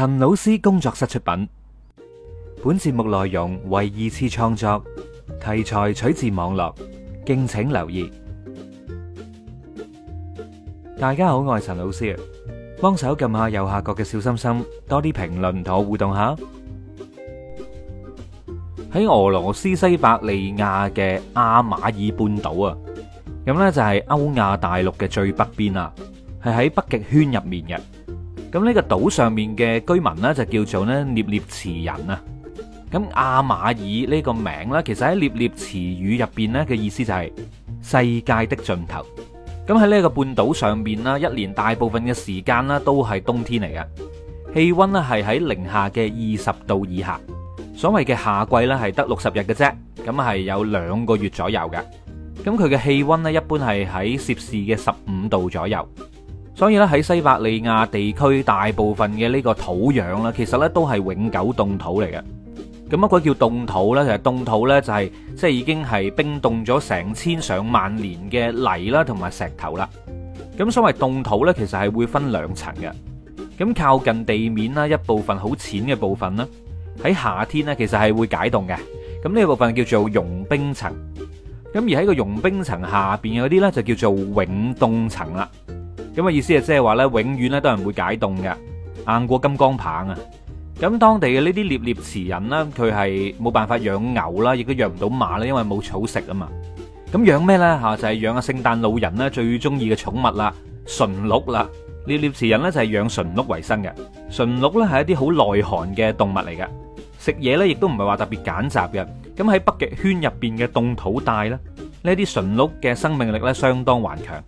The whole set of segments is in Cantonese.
陳老師工作室出品，本節目內容為二次創作，題材取自網絡，敬請留意。大家好，我係陳老師，幫手撳下右下角嘅小心心，多啲評論同我互動下。喺俄羅斯西伯利亞嘅阿馬爾半島啊，咁呢就係歐亞大陸嘅最北邊啊，係喺北極圈入面嘅。咁呢個島上面嘅居民呢，就叫做呢涅涅茨人啊。咁亞馬爾呢個名呢，其實喺涅涅茨語入邊呢，嘅意思就係世界的盡頭。咁喺呢個半島上面啦，一年大部分嘅時間咧都係冬天嚟嘅，氣温呢，係喺零下嘅二十度以下。所謂嘅夏季呢，係得六十日嘅啫，咁係有兩個月左右嘅。咁佢嘅氣温呢，一般係喺攝氏嘅十五度左右。所以咧喺西伯利亞地區，大部分嘅呢個土壤咧，其實咧都係永久凍土嚟嘅。咁乜鬼叫凍土呢？其實凍土呢、就係，就係即係已經係冰凍咗成千上萬年嘅泥啦，同埋石頭啦。咁所謂凍土呢，其實係會分兩層嘅。咁靠近地面啦，一部分好淺嘅部分呢，喺夏天呢，其實係會解凍嘅。咁呢一部分叫做溶冰層。咁而喺個溶冰層下邊嗰啲呢，就叫做永凍層啦。咁嘅意思啊，即係話咧，永遠咧都係唔會解凍嘅，硬過金剛棒啊！咁當地嘅呢啲獵獵池人咧，佢係冇辦法養牛啦，亦都養唔到馬咧，因為冇草食啊嘛。咁養咩呢？吓？就係養啊聖誕老人咧最中意嘅寵物啦，馴鹿啦。獵獵池人呢，就係養馴鹿為生嘅。馴鹿呢，係一啲好耐寒嘅動物嚟嘅，食嘢呢，亦都唔係話特別揀擇嘅。咁喺北極圈入邊嘅凍土帶呢，呢啲馴鹿嘅生命力呢，相當頑強。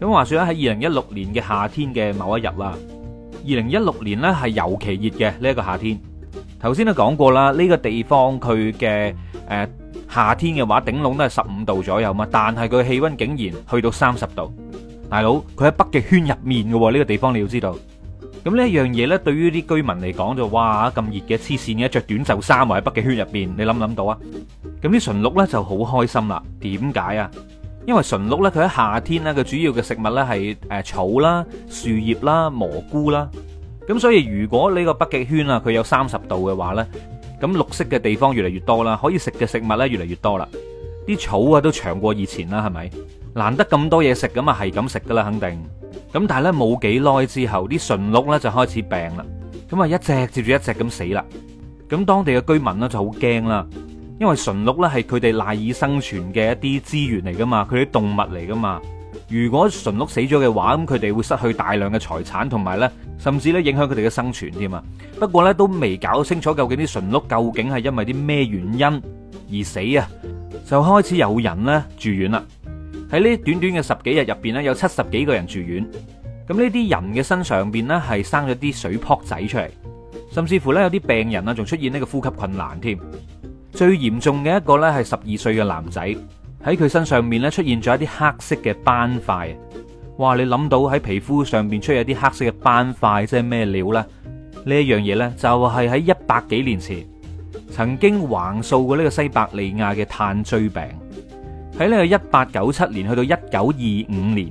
咁話説，喺二零一六年嘅夏天嘅某一日啦，二零一六年咧係尤其熱嘅呢一個夏天。頭先都講過啦，呢個地方佢嘅誒夏天嘅話，頂籠都係十五度左右嘛。但係佢氣温竟然去到三十度，大佬，佢喺北極圈入面嘅呢個地方，你要知道。咁呢一樣嘢咧，對於啲居民嚟講就哇，咁熱嘅黐線嘅，著短袖衫喺北極圈入邊，你諗唔諗到啊？咁啲馴鹿咧就好開心啦，點解啊？因為馴鹿咧，佢喺夏天咧，佢主要嘅食物咧係誒草啦、樹葉啦、蘑菇啦，咁所以如果呢個北極圈啊，佢有三十度嘅話呢，咁綠色嘅地方越嚟越多啦，可以食嘅食物咧越嚟越多啦，啲草啊都長過以前啦，係咪？難得咁多嘢食，咁啊係咁食噶啦，肯定。咁但係呢冇幾耐之後，啲馴鹿呢就開始病啦，咁啊一隻接住一隻咁死啦，咁當地嘅居民呢就好驚啦。因為馴鹿咧係佢哋賴以生存嘅一啲資源嚟噶嘛，佢啲動物嚟噶嘛。如果馴鹿死咗嘅話，咁佢哋會失去大量嘅財產，同埋呢，甚至呢影響佢哋嘅生存添啊。不過呢，都未搞清楚究竟啲馴鹿究竟係因為啲咩原因而死啊，就開始有人呢住院啦。喺呢短短嘅十幾日入邊呢，有七十幾個人住院。咁呢啲人嘅身上邊呢，係生咗啲水泡仔出嚟，甚至乎呢，有啲病人啊仲出現呢個呼吸困難添。最嚴重嘅一個呢係十二歲嘅男仔，喺佢身上面呢出現咗一啲黑色嘅斑塊。哇！你諗到喺皮膚上面出現一啲黑色嘅斑塊，即係咩料呢？呢一樣嘢呢，就係喺一百幾年前曾經橫掃過呢個西伯利亞嘅炭疽病。喺呢個一八九七年去到一九二五年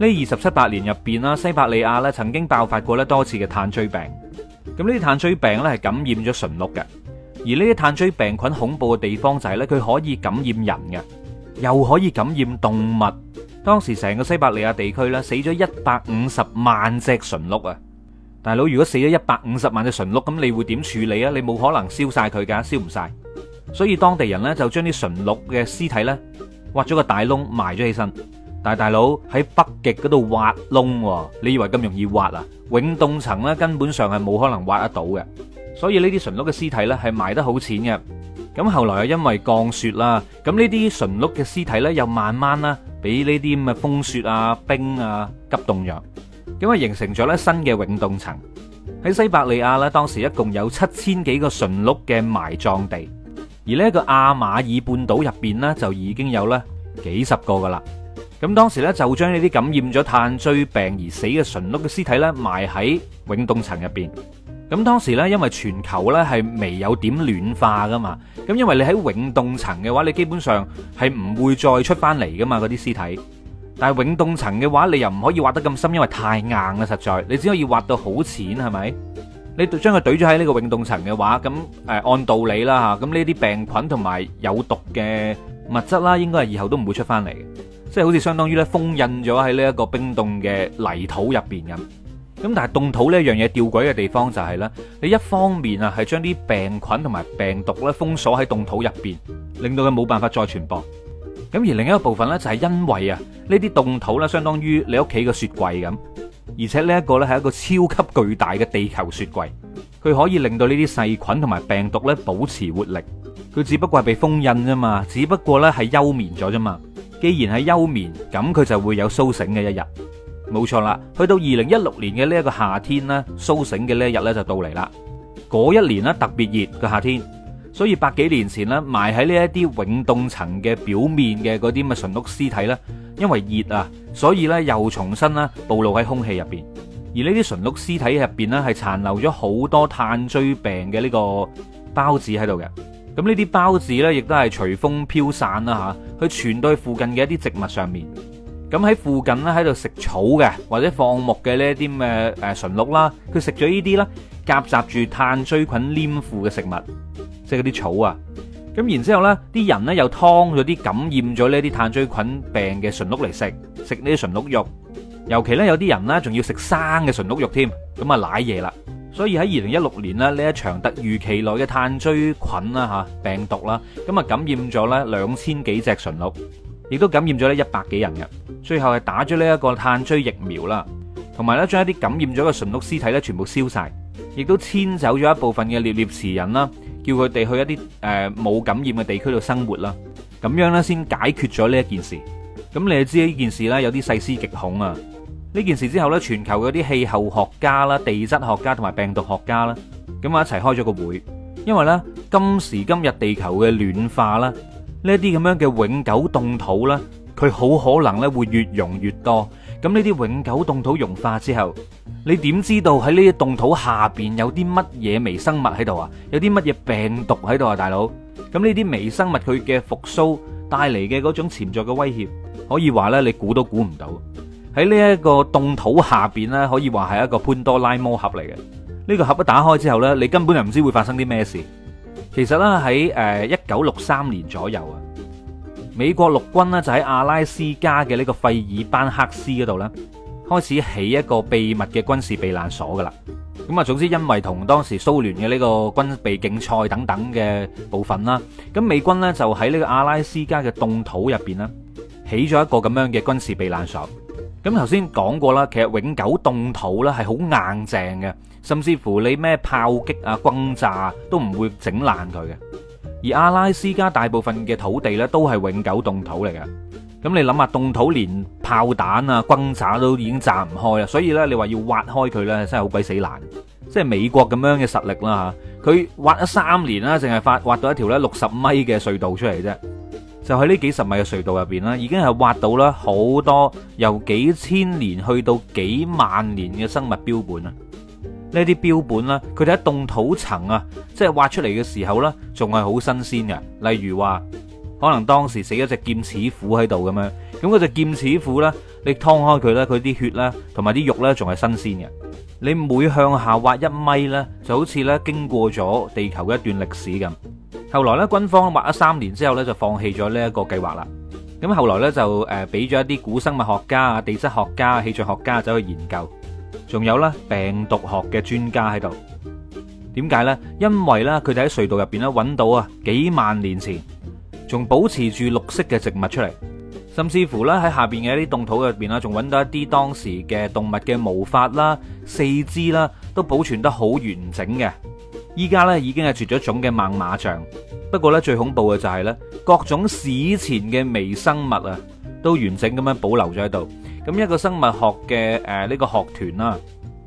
呢二十七八年入邊啦，西伯利亞呢曾經爆發過呢多次嘅炭疽病。咁呢啲炭疽病呢，係感染咗馴鹿嘅。而呢啲炭疽病菌恐怖嘅地方就係呢，佢可以感染人嘅，又可以感染動物。當時成個西伯利亞地區呢，死咗一百五十萬隻馴鹿啊！大佬，如果死咗一百五十萬隻馴鹿，咁你會點處理啊？你冇可能燒晒佢㗎，燒唔晒。所以當地人呢，就將啲馴鹿嘅屍體呢，挖咗個大窿埋咗起身。但係大佬喺北極嗰度挖窿，你以為咁容易挖啊？永凍層呢，根本上係冇可能挖得到嘅。所以呢啲馴鹿嘅屍體呢，係埋得好淺嘅，咁後來又因為降雪啦，咁呢啲馴鹿嘅屍體呢，又慢慢啦，俾呢啲咁嘅風雪啊、冰啊急凍咗，咁啊形成咗呢新嘅永凍層。喺西伯利亞呢，當時一共有七千幾個馴鹿嘅埋葬地，而呢一個亞馬爾半島入邊呢，就已經有呢幾十個㗎喇。咁當時呢，就將呢啲感染咗炭疽病而死嘅馴鹿嘅屍體呢，埋喺永凍層入邊。咁當時呢，因為全球呢係未有點暖化噶嘛，咁因為你喺永凍層嘅話，你基本上係唔會再出翻嚟噶嘛，嗰啲屍體。但係永凍層嘅話，你又唔可以挖得咁深，因為太硬啦，實在，你只可以挖到好淺，係咪？你將佢懟咗喺呢個永凍層嘅話，咁誒、呃、按道理啦嚇，咁呢啲病菌同埋有毒嘅物質啦，應該係以後都唔會出翻嚟，即係好似相當於咧封印咗喺呢一個冰凍嘅泥土入邊咁。咁但係凍土呢樣嘢，吊詭嘅地方就係呢。你一方面啊係將啲病菌同埋病毒咧封鎖喺凍土入邊，令到佢冇辦法再傳播。咁而另一個部分呢，就係因為啊呢啲凍土呢，相當於你屋企嘅雪櫃咁，而且呢一個呢係一個超級巨大嘅地球雪櫃，佢可以令到呢啲細菌同埋病毒呢，保持活力。佢只不過係被封印啫嘛，只不過呢係休眠咗啫嘛。既然係休眠，咁佢就會有蘇醒嘅一日。冇錯啦，去到二零一六年嘅呢一個夏天咧，蘇醒嘅呢一日咧就到嚟啦。嗰一年咧特別熱嘅夏天，所以百幾年前咧埋喺呢一啲永凍層嘅表面嘅嗰啲乜馴鹿屍體咧，因為熱啊，所以咧又重新啦暴露喺空氣入邊。而呢啲馴鹿屍體入邊咧係殘留咗好多炭疽病嘅呢個孢子喺度嘅。咁呢啲孢子呢，亦都係隨風飄散啦吓，去傳到去附近嘅一啲植物上面。咁喺附近咧，喺度食草嘅或者放牧嘅呢一啲咩誒馴鹿啦，佢食咗呢啲咧夾雜住炭疽菌黏附嘅食物，即係嗰啲草啊。咁然之後咧，啲人咧又劏咗啲感染咗呢啲炭疽菌病嘅馴鹿嚟食，食呢啲馴鹿肉，尤其咧有啲人咧仲要食生嘅馴鹿肉添，咁啊瀨嘢啦。所以喺二零一六年啦，呢一場突如其來嘅炭疽菌啦吓病毒啦，咁啊感染咗咧兩千幾隻馴鹿。亦都感染咗呢一百幾人嘅，最後係打咗呢一個炭疽疫苗啦，同埋咧將一啲感染咗嘅馴鹿屍體咧全部燒晒，亦都遷走咗一部分嘅涅涅茨人啦，叫佢哋去一啲誒冇感染嘅地區度生活啦，咁樣咧先解決咗呢一件事。咁你就知呢件事咧有啲細思極恐啊！呢件事之後咧，全球有啲氣候學家啦、地質學家同埋病毒學家啦，咁啊一齊開咗個會，因為咧今時今日地球嘅暖化啦。呢啲咁樣嘅永久凍土呢，佢好可能咧會越融越多。咁呢啲永久凍土融化之後，你點知道喺呢啲凍土下邊有啲乜嘢微生物喺度啊？有啲乜嘢病毒喺度啊？大佬，咁呢啲微生物佢嘅復蘇帶嚟嘅嗰種潛在嘅威脅，可以話呢你估都估唔到。喺呢一個凍土下邊呢，可以話係一個潘多拉魔盒嚟嘅。呢個盒一打開之後呢，你根本就唔知會發生啲咩事。其實咧，喺誒一九六三年左右啊，美國陸軍咧，就喺阿拉斯加嘅呢個費爾班克斯嗰度咧，開始起一個秘密嘅軍事避難所噶啦。咁啊，總之因為同當時蘇聯嘅呢個軍備競賽等等嘅部分啦，咁美軍咧，就喺呢個阿拉斯加嘅凍土入邊咧，起咗一個咁樣嘅軍事避難所。咁頭先講過啦，其實永久凍土呢係好硬淨嘅，甚至乎你咩炮擊啊、轟炸呀都唔會整爛佢嘅。而阿拉斯加大部分嘅土地呢，都係永久凍土嚟嘅。咁你諗下，凍土連炮彈啊、轟炸都已經炸唔開啦，所以呢，你話要挖開佢呢，真係好鬼死難。即係美國咁樣嘅實力啦嚇，佢挖咗三年啦，淨係發挖到一條呢六十米嘅隧道出嚟啫。就喺呢幾十米嘅隧道入邊啦，已經係挖到啦好多由幾千年去到幾萬年嘅生物標本啦。呢啲標本啦，佢哋喺凍土層啊，即係挖出嚟嘅時候呢，仲係好新鮮嘅。例如話，可能當時死咗隻劍齒虎喺度咁樣，咁嗰隻劍齒虎呢，你劏開佢呢，佢啲血呢，同埋啲肉呢，仲係新鮮嘅。你每向下挖一米呢，就好似呢經過咗地球嘅一段歷史咁。後來咧，軍方挖咗三年之後咧，就放棄咗呢一個計劃啦。咁後來咧就誒，俾咗一啲古生物學家啊、地質學家、氣象學家走去研究，仲有咧病毒學嘅專家喺度。點解呢？因為咧，佢哋喺隧道入邊揾到啊幾萬年前，仲保持住綠色嘅植物出嚟，甚至乎咧喺下邊嘅一啲凍土入邊啦，仲揾到一啲當時嘅動物嘅毛髮啦、四肢啦，都保存得好完整嘅。依家咧已經係絕咗種嘅猛獁象，不過咧最恐怖嘅就係、是、咧各種史前嘅微生物啊，都完整咁樣保留咗喺度。咁一個生物學嘅誒呢個學團啦，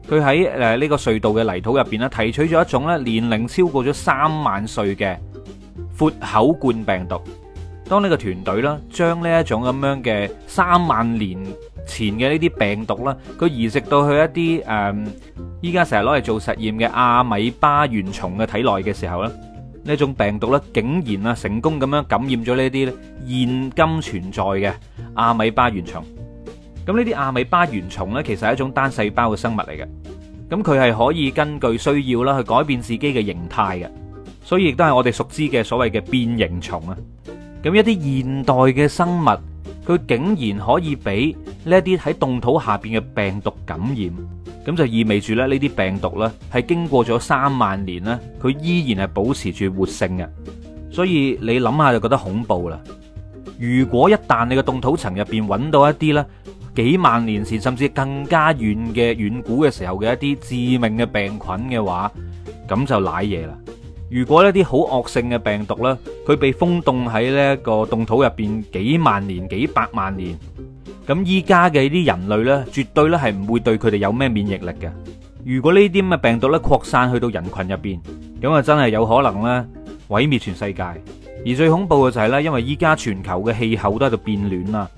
佢喺誒呢個隧道嘅泥土入邊咧提取咗一種咧年齡超過咗三萬歲嘅闊口冠病毒。當呢個團隊啦將呢一種咁樣嘅三萬年前嘅呢啲病毒啦，佢移植到去一啲誒，依家成日攞嚟做實驗嘅阿米巴原蟲嘅體內嘅時候咧，呢種病毒咧，竟然啊成功咁樣感染咗呢啲咧現今存在嘅阿米巴原蟲。咁呢啲阿米巴原蟲咧，其實係一種單細胞嘅生物嚟嘅，咁佢係可以根據需要啦去改變自己嘅形態嘅，所以亦都係我哋熟知嘅所謂嘅變形蟲啊。咁一啲現代嘅生物。佢竟然可以俾呢啲喺凍土下邊嘅病毒感染，咁就意味住咧，呢啲病毒呢係經過咗三萬年咧，佢依然係保持住活性嘅，所以你諗下就覺得恐怖啦。如果一旦你個凍土層入邊搵到一啲咧幾萬年前甚至更加遠嘅遠古嘅時候嘅一啲致命嘅病菌嘅話，咁就瀨嘢啦。如果呢啲好惡性嘅病毒咧，佢被封凍喺呢一個凍土入邊幾萬年、幾百萬年，咁依家嘅啲人類咧，絕對咧係唔會對佢哋有咩免疫力嘅。如果呢啲咁嘅病毒咧擴散去到人群入邊，咁啊真係有可能咧毀滅全世界。而最恐怖嘅就係咧，因為依家全球嘅氣候都喺度變暖啦，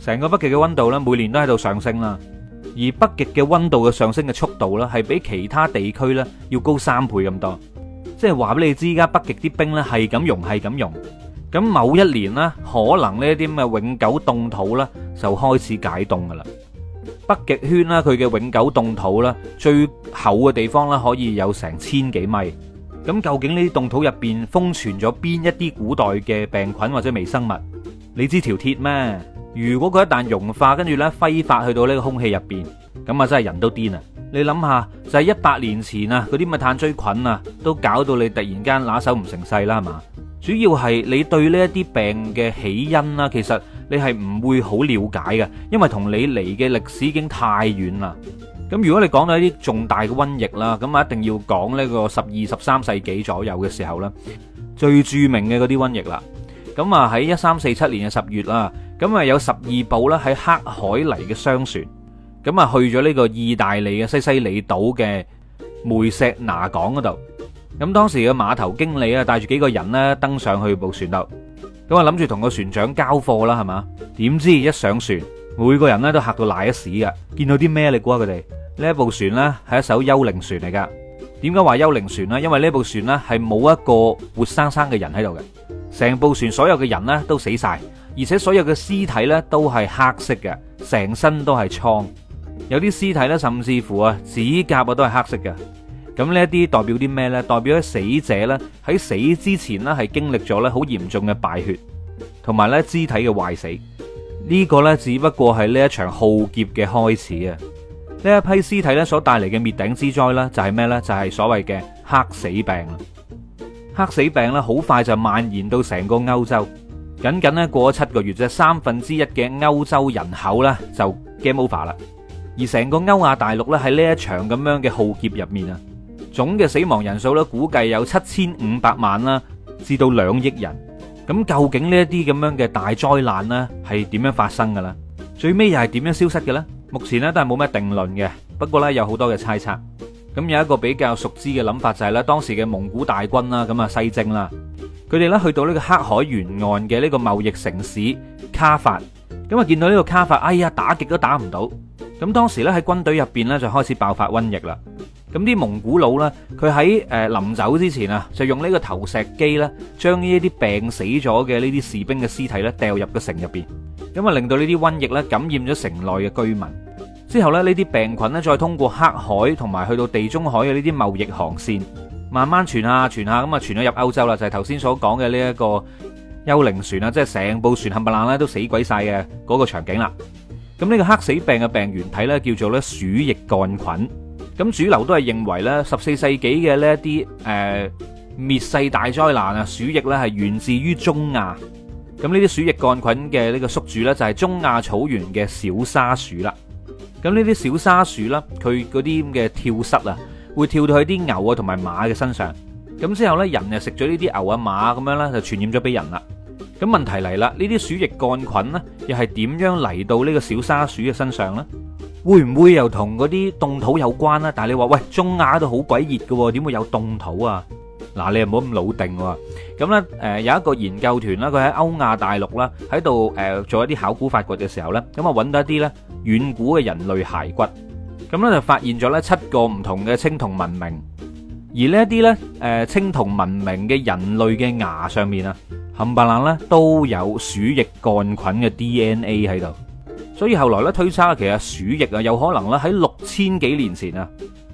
成個北極嘅溫度咧每年都喺度上升啦，而北極嘅溫度嘅上升嘅速度咧係比其他地區咧要高三倍咁多。即係話俾你知，而家北極啲冰咧係咁融，係咁融。咁某一年咧，可能呢一啲咁嘅永久凍土咧就開始解凍噶啦。北極圈啦，佢嘅永久凍土啦，最厚嘅地方啦，可以有成千幾米。咁究竟呢啲凍土入邊封存咗邊一啲古代嘅病菌或者微生物？你知條鐵咩？如果佢一旦融化，跟住咧揮發去到呢個空氣入邊，咁啊真係人都癲啊！你諗下，就係、是、一百年前啊，嗰啲咪炭疽菌啊，都搞到你突然間拿手唔成勢啦，係嘛？主要係你對呢一啲病嘅起因啦，其實你係唔會好了解嘅，因為同你嚟嘅歷史已經太遠啦。咁如果你講到一啲重大嘅瘟疫啦，咁啊一定要講呢個十二十三世紀左右嘅時候啦，最著名嘅嗰啲瘟疫啦。咁啊喺一三四七年嘅十月啊，咁啊有十二部啦喺黑海嚟嘅商船。咁啊，去咗呢個意大利嘅西西里島嘅梅石拿港嗰度。咁當時嘅碼頭經理啊，帶住幾個人咧登上去部船度。咁啊，諗住同個船長交貨啦，係嘛？點知一上船，每個人咧都嚇到瀨一屎㗎！見到啲咩？你估下佢哋呢一部船呢係一艘幽靈船嚟㗎。點解話幽靈船呢？因為呢部船咧係冇一個活生生嘅人喺度嘅，成部船所有嘅人呢都死晒，而且所有嘅屍體呢都係黑色嘅，成身都係瘡。有啲屍體咧，甚至乎啊，指甲啊都係黑色嘅。咁呢一啲代表啲咩呢？代表咗死者咧喺死之前咧係經歷咗咧好嚴重嘅敗血，同埋咧肢體嘅壞死。呢個呢，只不過係呢一場浩劫嘅開始啊。呢一批屍體咧所帶嚟嘅滅頂之災呢，就係咩呢？就係所謂嘅黑死病。黑死病咧好快就蔓延到成個歐洲。僅僅咧過咗七個月啫，三分之一嘅歐洲人口呢，就 game over 啦。而成個歐亞大陸咧，喺呢一場咁樣嘅浩劫入面啊，總嘅死亡人數咧估計有七千五百萬啦，至到兩億人。咁究竟呢一啲咁樣嘅大災難咧係點樣發生噶啦？最尾又係點樣消失嘅咧？目前咧都係冇咩定論嘅。不過咧有好多嘅猜測。咁有一個比較熟知嘅諗法就係咧，當時嘅蒙古大軍啦，咁啊西征啦，佢哋咧去到呢個黑海沿岸嘅呢個貿易城市卡法，咁啊見到呢個卡法，哎呀打極都打唔到。咁當時咧喺軍隊入邊咧就開始爆發瘟疫啦。咁啲蒙古佬咧，佢喺誒臨走之前啊，就用呢個投石機咧，將呢啲病死咗嘅呢啲士兵嘅屍體咧，掉入咗城入邊，咁啊令到呢啲瘟疫咧感染咗城內嘅居民。之後咧，呢啲病菌咧再通過黑海同埋去到地中海嘅呢啲貿易航線，慢慢傳下傳下，咁啊傳咗入歐洲啦。就係頭先所講嘅呢一個幽靈船啊，即係成部船冚唪唥咧都死鬼晒嘅嗰個場景啦。咁呢個黑死病嘅病原體咧叫做咧鼠疫桿菌。咁主流都係認為咧十四世紀嘅呢一啲誒滅世大災難啊，鼠疫咧係源自於中亞。咁呢啲鼠疫桿菌嘅呢個宿主咧就係中亞草原嘅小沙鼠啦。咁呢啲小沙鼠啦，佢嗰啲咁嘅跳蚤啊，會跳到去啲牛啊同埋馬嘅身上。咁之後咧，人就食咗呢啲牛啊馬咁樣咧，就傳染咗俾人啦。咁問題嚟啦，呢啲鼠疫桿菌咧，又係點樣嚟到呢個小沙鼠嘅身上咧？會唔會又同嗰啲凍土有關咧？但係你話喂，中亞都好鬼熱㗎喎，點會有凍土啊？嗱，你又唔好咁老定喎。咁咧，誒有一個研究團啦，佢喺歐亞大陸啦，喺度誒做一啲考古發掘嘅時候咧，咁啊揾到一啲咧遠古嘅人類骸骨，咁咧就發現咗咧七個唔同嘅青銅文明，而呢一啲咧誒青銅文明嘅人類嘅牙上面啊。冚唪唥咧都有鼠疫桿菌嘅 DNA 喺度，所以後來咧推測其實鼠疫啊有可能咧喺六千幾年前啊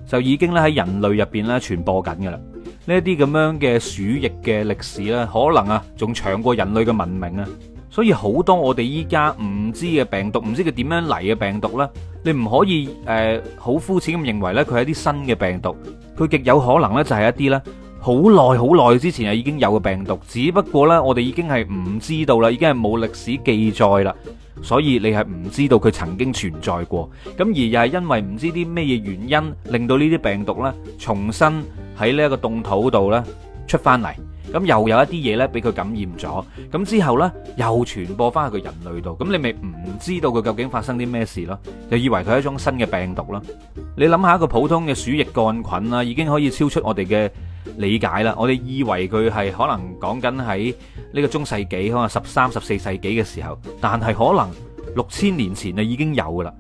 就已經咧喺人類入邊咧傳播緊嘅啦。呢一啲咁樣嘅鼠疫嘅歷史咧，可能啊仲長過人類嘅文明啊。所以好多我哋依家唔知嘅病毒，唔知佢點樣嚟嘅病毒咧，你唔可以誒好膚淺咁認為咧佢係一啲新嘅病毒，佢極有可能咧就係一啲咧。好耐好耐之前啊，已經有個病毒，只不過呢，我哋已經係唔知道啦，已經係冇歷史記載啦，所以你係唔知道佢曾經存在過。咁而又係因為唔知啲咩嘢原因，令到呢啲病毒呢重新喺呢一個凍土度呢出翻嚟，咁又有一啲嘢呢俾佢感染咗，咁之後呢，又傳播翻去個人類度，咁你咪唔知道佢究竟發生啲咩事咯？就以為佢係一種新嘅病毒啦。你諗下一個普通嘅鼠疫桿菌啦，已經可以超出我哋嘅。理解啦，我哋以為佢係可能講緊喺呢個中世紀，可能十三、十四世紀嘅時候，但係可能六千年前就已經有噶啦。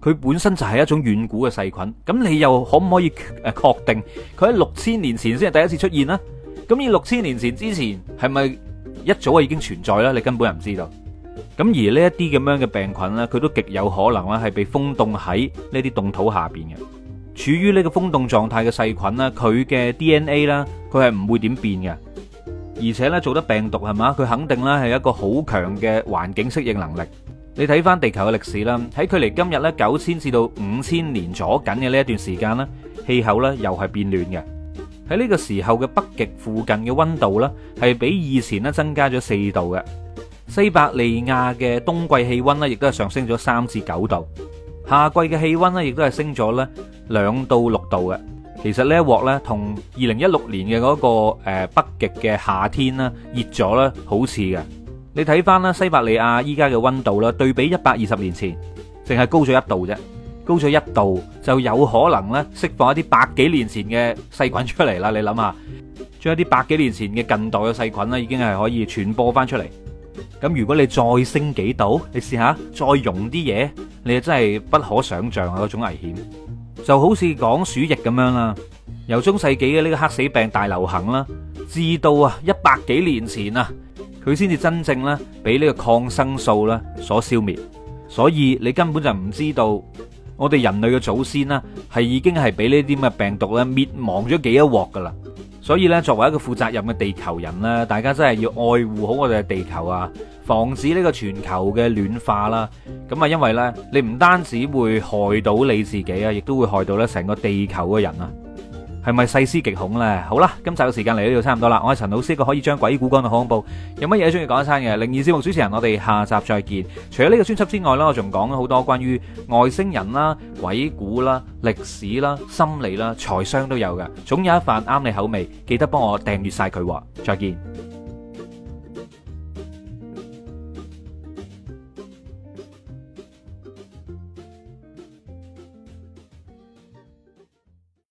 佢本身就係一種遠古嘅細菌。咁你又可唔可以誒確定佢喺六千年前先係第一次出現呢？咁以六千年前之前係咪一早已經存在呢？你根本係唔知道。咁而呢一啲咁樣嘅病菌呢，佢都極有可能咧係被封凍喺呢啲凍土下邊嘅。處於呢個封凍狀態嘅細菌啦，佢嘅 D N A 啦，佢係唔會點變嘅。而且咧，做得病毒係嘛，佢肯定啦係一個好強嘅環境適應能力。你睇翻地球嘅歷史啦，喺距離今日咧九千至到五千年左緊嘅呢一段時間啦，氣候咧又係變暖嘅。喺呢個時候嘅北極附近嘅温度啦，係比以前咧增加咗四度嘅。西伯利亞嘅冬季氣温咧，亦都係上升咗三至九度，夏季嘅氣温咧，亦都係升咗咧，兩到六度嘅，其實呢一鑊呢，同二零一六年嘅嗰、那個、呃、北極嘅夏天呢，熱咗啦，好似嘅。你睇翻啦，西伯利亞依家嘅温度啦，對比一百二十年前，淨係高咗一度啫，高咗一度就有可能呢釋放一啲百幾年前嘅細菌出嚟啦。你諗下，將一啲百幾年前嘅近代嘅細菌呢，已經係可以傳播翻出嚟。咁如果你再升幾度，你試下再溶啲嘢，你啊真係不可想象啊嗰種危險。就好似講鼠疫咁樣啦，由中世紀嘅呢個黑死病大流行啦，至到啊一百幾年前啊，佢先至真正咧俾呢個抗生素啦，所消滅。所以你根本就唔知道，我哋人類嘅祖先咧係已經係俾呢啲咁嘅病毒咧滅亡咗幾一鑊噶啦。所以呢，作為一個負責任嘅地球人咧，大家真係要愛護好我哋嘅地球啊！防止呢個全球嘅暖化啦，咁啊，因為呢，你唔單止會害到你自己啊，亦都會害到呢成個地球嘅人啊，係咪細思極恐呢？好啦，今集嘅時間嚟到就差唔多啦，我係陳老師，一個可以將鬼故講到好恐怖，有乜嘢都中意講一餐嘅靈異節目主持人，我哋下集再見。除咗呢個專輯之外呢，我仲講咗好多關於外星人啦、鬼故啦、歷史啦、心理啦、財商都有嘅，總有一份啱你口味。記得幫我訂閱晒佢，再見。